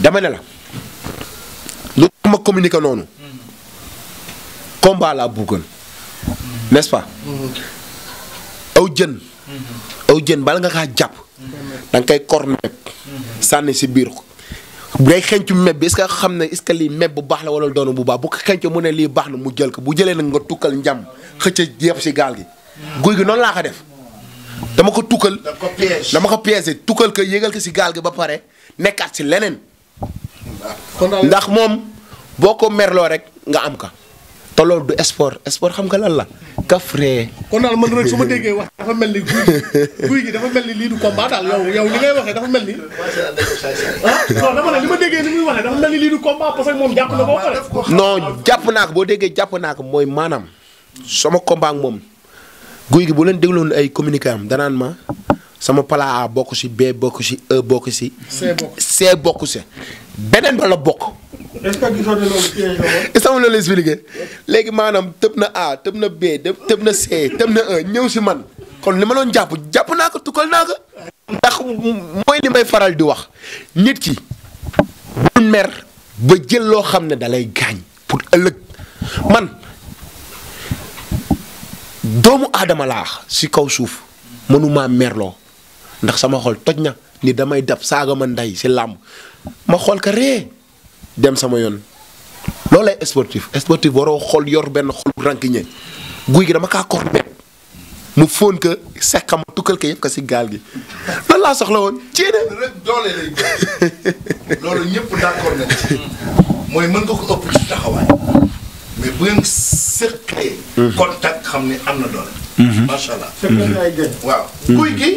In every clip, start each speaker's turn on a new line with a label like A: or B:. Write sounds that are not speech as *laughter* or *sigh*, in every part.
A: dama ne la lu ma communiqué noonu combat laa bëggoon n'est-ce aw jën. aw jën bala nga kaa jàpp. da nga koy kor meb. sànni si biir ko day xencu meb bi est-ce xam ne est-ce que lii meb bu baax la wala doonu bu baax bu ko xencu mu ne lii baax na mu jël ko bu jëlee nag nga tukkal njam xëcc yépp si gaal gi. guy gi noonu laa ko def. dama ko tukkal. dama ko piège dama ko piège tukkal ko yégal ko si gaal gi ba pare nekkaat si leneen. ndax moom boo ko merloo rek nga am ka te loolu du sport sport xam nga lan la kafree. kon daal man ma déggee wax dafa mel ni guy dafa mel ni lii du dafa mel ni. Ah, déggee ni muy moom jàpp na boo jàpp naa ko boo déggee jàpp naa ko mooy maanaam sama combat ak moom guy gi bu leen dégloon ay communiqué am danaan ma. sama plat bokk si B bokk si E bokk si. C bokk si beneen ba la bokk. est ce que la woon. est ce léegi maanaam tëb na A tëb na B tëb na C tëb na E ñëw si man kon li ma doon jàpp jàpp naa ko tukkal naa ko. ndax mooy li may faral di wax nit ki bul mer ba jël loo xam ne dalay gaañ pour ëllëg man doomu aadama laa si kaw suuf mënuma merloo. ndax sama xol toj na ni damay dab saaga ma ndey si làmb ma xool ka ree dem sama yoon loolu loolay sportif sportif waroo xol yor benn xol rankiñe guy gi dama kaa kornet mu fóon ka gaal gi laa soxla woon ceene rek doole lay loolu ñëpp bu ngeen sëqee mm-hmm. xam ne am na mm-hmm. mm-hmm. guy gi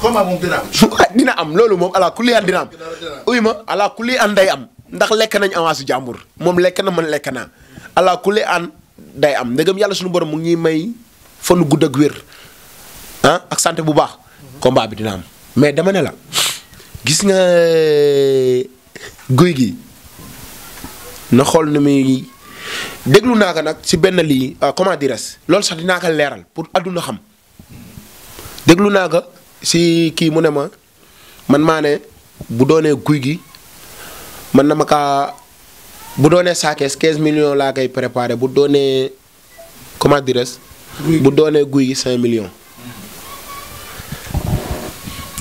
A: combat moom dina am. *laughs* dina am loolu moom ala kulli an dina am. uy ma ala kulli an day am ndax lekk nañ avance jàmbur moom lekk na man lekk naa ala kulli an day am ndegam yàlla suñu borom mu ngi may fanu gudd ak wér ah, ak santé bu baax. combat bi dina am mais dama ne la gis nga euh, guy gi na xool nu muy déglu naa ko nag si benn lii euh, comment dirais loolu sax dinaa ko leeral pour àdduna xam déglu naa ko si kii mu ne ma man maa ne bu doonee guy gi man na ma kaa bu doonee sa 15 millions laa koy préparé bu doonee comment dirais bu doonee guy gi 5 millions.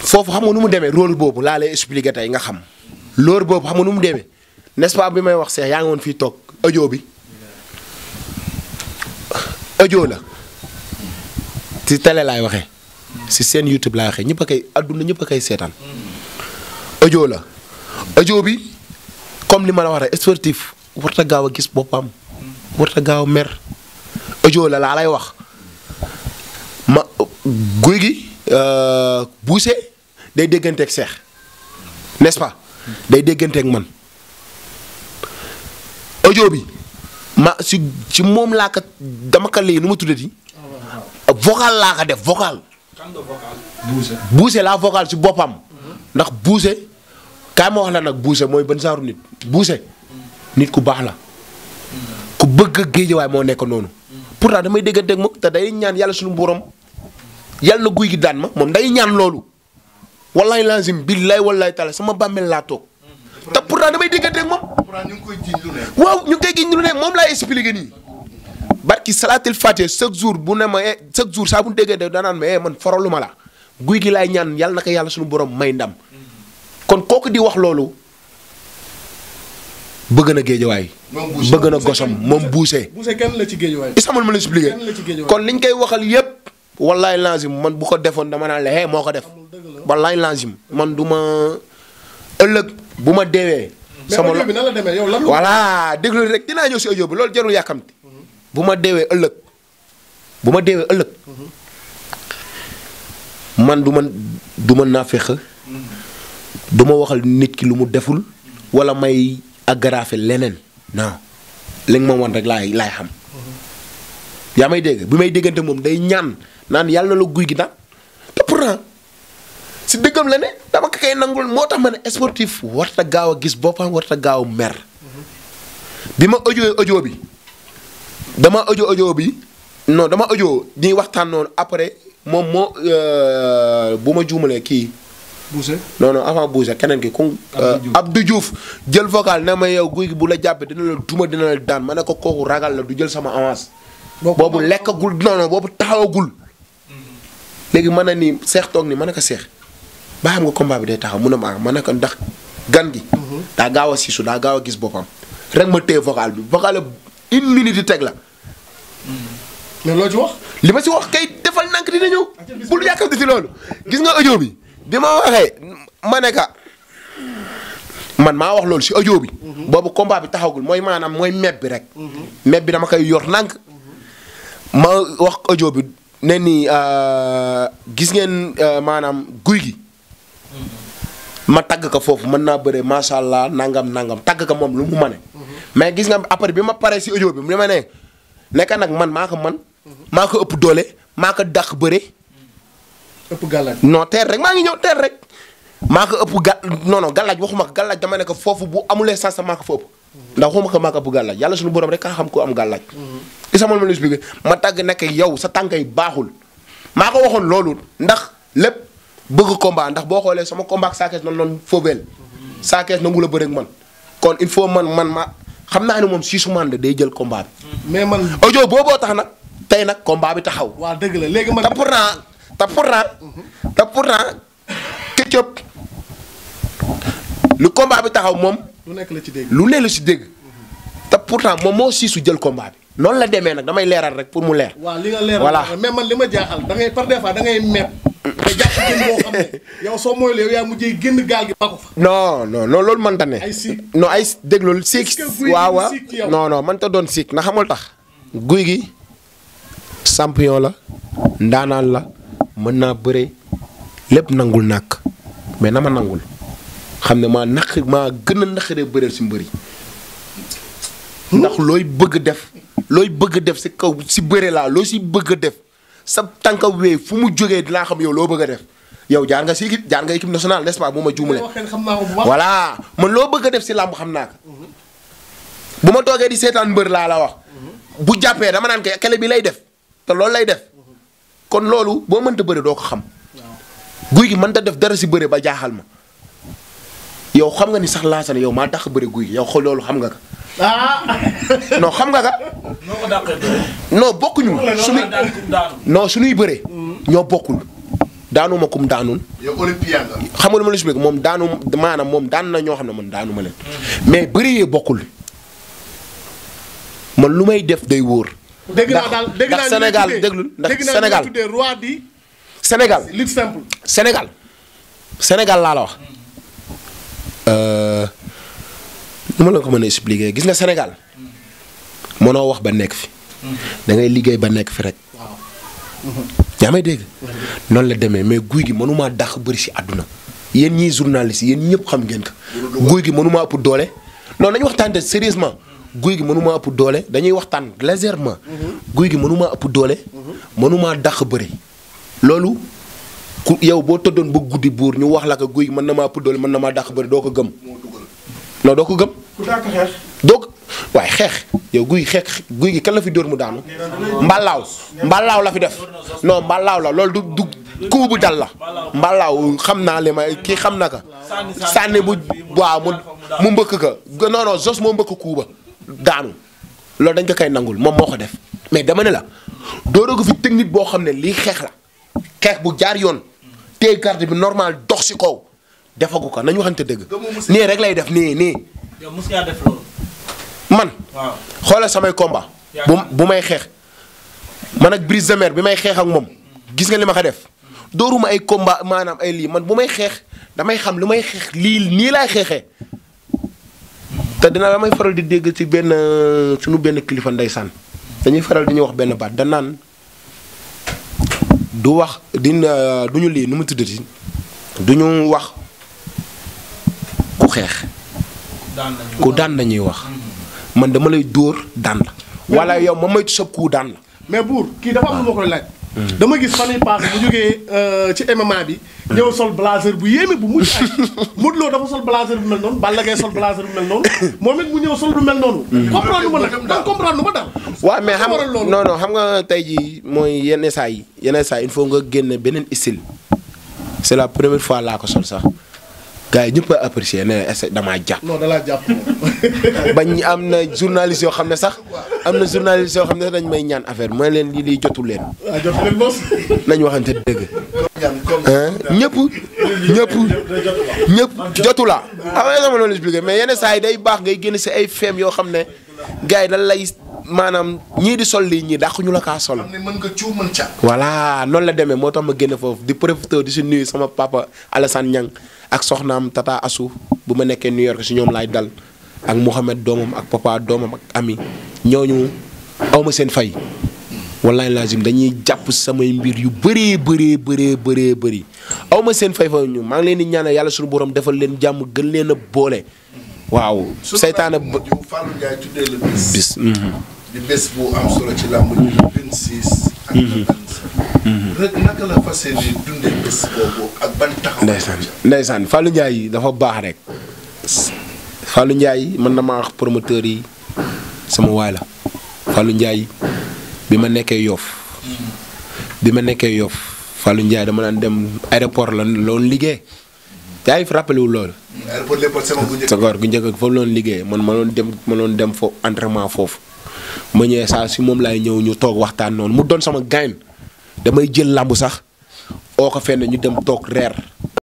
A: foofu xam nga nu mu demee rôle boobu laa lay expliqué tey nga xam loolu boobu xam nga nu mu demee n'est-ce pas bi may wax seex yaa ngi woon fii toog audio bi audio la ci tele laay waxee. si seen YouTube laa waxee ñëpp a koy àdduna ñëpp kay koy seetaan. audio la audio bi comme li ma la wax rek sportif warta gaaw a gis boppam. warta gaaw a mer audio la laa lay wax ma guy gi euh, buuse day dégganteeg seex n'est-ce pas day dégganteeg man audio bi ma si si moom laa ko dama ko lii nu ma tuddati oh, vocal laa ko def vocal. buuse la vocal ci boppam. ndax buuse kaay ma wax la nag buuse mooy ban saaru nit buuse. nit ku baax la. ku bëgg a géejawaay moo nekk noonu. daa damay déggante ak moom te day ñaan yàlla suñu borom yàlla na guy gi daan ma moom day ñaan loolu. wallaay lazim billaay wallaay taala sama bàmmeel laa toog. te pourtant damay déggante ak moom. pourtant ñu ngi koy jiñ lu ne. waaw ñu ngi koy jiñ lu nii. barki salaatil fatiha chaque jour bu ne ma eh, chaque jour saa bu déggee da danaan ma eh man faralu ma la guy gi lay ñaan yal na ko yàlla suñu borom may ndam kon kooku di wax loolu bëgg na géejawaay bëgg na gosam moom buuse buuse kenn la ci géejawaay isamul ma la expliqué kon liñ koy waxal yépp wallaay lazim man bu ko defoon dama naan la eh moo ko def wallaay lazim man du ma ëllëg bu ma deewee sama la voilà déglu rek dinaa ñëw si audio bi loolu jarul yàkkamti bu ma deewee ëllëg bu ma deewee ëllëg man du ma du ma naafeq du ma waxal nit ki lu mu deful wala may aggraver leneen non li nga ma wan rek laay laay xam yaa may dégg bi may déggante moom day ñaan naan yàlla lu guy gi naan te pourtant si dëggam la ne dama ko nangu nangul moo tax ma ne sportif warta gaaw a gis boppam warta gaaw a mer bi ma audio audio bi. dama ajo ajo bi non dama ajo di waxtaan noonu après moom moo euh, bu ma juumalee kii. Bousse non non avant Bousse keneen ki ku. Euh, Abdou Diouf jël vocal na ma yow guy gi bu la jàppee dina la duma dina la daan ma ne ko kooku ragal la du jël sama avance. boobu lekkagul non non boobu taxawagul. Mm-hmm. léegi man na nii seex toog ni mën na ko seex ba xam nga combat bi day taxaw mun a maa ah, mën na ko ndax gan gi. Mm-hmm. daa gaaw a siisu daa gaaw a gis boppam. rek ma téye vocal bi vocal une minute teg la. mais loo ci wax. li ma si wax kay defal nank dina ñëw. Ah, bul yàkkamti si loolu. gis nga audio bi bi ma waxee ma ka man maa wax loolu si audio bi. Mhm. boobu combat bi taxawgul mooy maanaam mooy meb rek. Mhm. meb bi dama koy yor nank mhm. ma wax audio bi ne ni euh, gis ngeen euh, maanaam guy gi. ma tagg ka foofu mën naa bëre macha allah nangam nangam tagg ka moom lu mu mane. mais gis nga après bi ma paree si audio bi li ma ne. nekka nag man maa ko man maa ko ëpp doole maa ko dàq bëre. ëpp gàllaaj non teer rek maa ngi ñëw teer rek. maa ko ëpp ga non non gàllaaj waxuma ko gàllaaj dama ne ko foofu bu amulee sens sa ko fa ëpp. ndax waxuma ko maa ko ëpp gàllaaj yàlla suñu borom rek kaa xam ko am gàllaaj. isa ma leen expliqué ma tàgg nekk yow sa tànk yi baaxul. maa ko waxoon loolu ndax lépp bëgg combat ndax boo xoolee sama combat ak saa kees noonu noonu foo saa kees nangu la bëreeg man kon il faut man man ma. xam naa ni moom siisu man la day jël kombaa bi. Mm-hmm. mais man audio booboo tax nag tey nag combat bi taxaw. waaw dëgg la léegi man te pourtant te pourtant. Mm-hmm. te pourtant Ketchup lu combat bi taxaw moom. lu nekk la ci dégg lu ne la ci dégg. te pourtant moom moo siisu jël combat bi. noonu la demee nag damay leeral rek pour mu leer. waaw li nga leeral voilà mais man li ma jaaxal da ngay par des nga jàpp jën yow soo mooylee yow génn gaal gi ba ko loolu mënta ne. ay ay dégg loolu siik. waaw waaw non non doon siik na xamul tax. guy gi champion la ndaanaan la mën naa bëre lépp nangul nàkk mais na ma nangul xam ne maa naq maa gën a naqaree bëreel si mbër ndax looy bëgg def looy bëgg def si kaw si bëre laa loo si bëgg def. sa tanka wé fu mu joggé dina xam yow lo bëgg def yow jaar nga ci jaar nga équipe nationale n'est-ce pas buma jumulé voilà man lo bëgg def ci lamb xamna buma togué di sétane mbeur la la wax bu jappé dama nan kélé bi lay def té lool lay def kon lolu bo mënta bëre do ko xam guuy gi mënta def dara ci bëre ba jaaxal ma yow xam nga ni sax laasana yow maa tax a bëri guy yow loolu xam nga ka. ah. non xam nga ka. noo ko dàqee bëre. non bokkuñu. suñuy bëree. ñoo bokkul daanu ma kum daanul. yow olympien nga. moom daanu maanaam moom daan na ñoo xam ne man daanu ma leen. Mm. mais bëri yee bokkul man lu may def day wóor. dégg naa daal dégg naa ndax Sénégal déglul ndax laa la wax. Mm. Euh, nu ma la ko mën a expliquer gis nga Sénégal mënoo wax ba nekk fi da ngay liggéey ba nekk fi rek. yaa may dégg. noonu la demee mais guy gi mënumaa dàq bëri si àdduna. yéen ñii journaliste yéen ñëpp xam ngeen ko. guy gi mënumaa ëpp doole. non dañu waxtaan te sérieusement guy gi mënumaa ëpp doole dañuy waxtaan légèrement. Mhm. guy gi mënumaa ëpp doole. Mhm. mënumaa dàq bëri. loolu ku yow boo tëddoon ba guddi buur ñu wax la ko guy mën na maa puddal mën na maa dàq bëri doo ko gëm. non doo ko gëm. ku xeex. ko waaye xeex yow guy xeex guy gi kan la fi dóor mu daanu. mbalaaw mbalaaw la fi def. non mbalaaw la loolu du du kuu la. mbalaaw xam naa li may kii xam na ko. sànni bu waaw mu mu mbëkk ka non moo mbëkk kuu daanu loolu dañ ko koy nangul moom moo ko def mais dama ne la dóoroo ko fi technique boo xam ne lii xeex la xeex bu jaar yoon. téye carte bi normal dox si kaw defagu ko nañu waxante dëgg. nii rek lay def nii nii. yow mos man. waaw xoolal samay combat. bu may xeex man ak Brise de bi may xeex ak moom gis nga li ma ko def. dooruma ay combat maanaam ay lii man bu may xeex damay xam lu may xeex lii nii laay xeexee te dina damay faral di dégg ci benn suñu benn kilifa ndeysaan dañuy faral di ñuy wax benn baat danaan du wax dina du ñu lii nu mu tuddati du ñu wax ku xeex. ku daan lañuy wax. man dama lay dóor daan la. wala yow ma may sëb ku daan la. mais buur kii dafa am lu ma laaj. dama gis fan yii paase bu jógee euh, ci MMA bi. ñëw sol blazer bu yéeme bu mucc ay *laughs* Modou loo dafa sol blazer bu mel noonu Balla Gaye sol blazer bu mel noonu *coughs* moom it mu ñëw sol bu mel noonu. Mm-hmm. comprendre ma nag man comprendre ma daal. waaw mais xam non xam nga tey jii mooy yenn saa yi yenn saa yi il faut nga génne beneen style. c'est la première fois laa ko sol sax. gars yi ñëpp a apprécier ne est damaa jàpp. non dalaa jàpp moom. *laughs* bañ am na journaliste yoo xam ne sax am na journaliste yoo xam ne dañ may ñaan affaire ma leen lii lii jotu leen. waaw ah, jotu leen dëgg. ñëpp ñëpp ñëpp jotu la. ah waaye mais yenn saa yi day baax ngay génn si ay feem yoo xam ne gars yi dañ lay. maanaam ñii di sol lii ñii dàq la kaa sol. mën nga mën ca. voilà noonu la demee moo tax ma génn foofu di profité di si nuyu sama papa Alassane Niang ak soxnaam tata asu bu ma nekkee New York si ñoom laay dal ak Mouhamed doomam ak papa doomam ak ami ñooñu awma seen fay wallaay lazim dañuy jàpp samay mbir yu bëree bëree bëree bëree bëri awma seen fay fa ñu maa ngi leen di ñaanal yàlla suñu borom defal leen jàmm gën leen a boole waaw seytaane bis mhm. di rek naka la fas yéene dundee bés boobu ak dafa baax rek fallu Ndiaye man na ma wax promoteur yi sama waay la Fallou Ndiaye bi ma nekkee Yoff bi ma nekkee Yoff Fallou Ndiaye dama daan dem aéroport la loon liggéey yaa ngi fi rappelé wu loolu. aéroport lépp sama njëkk. gu njëkk foofu loon liggéey man ma loon dem ma loon dem foofu entraînement foofu. ma ñëwee saa si moom laay ñëw ñu toog waxtaan noonu mu doon sama gain damay jël làmb sax oo ko fenn ñu dem toog reer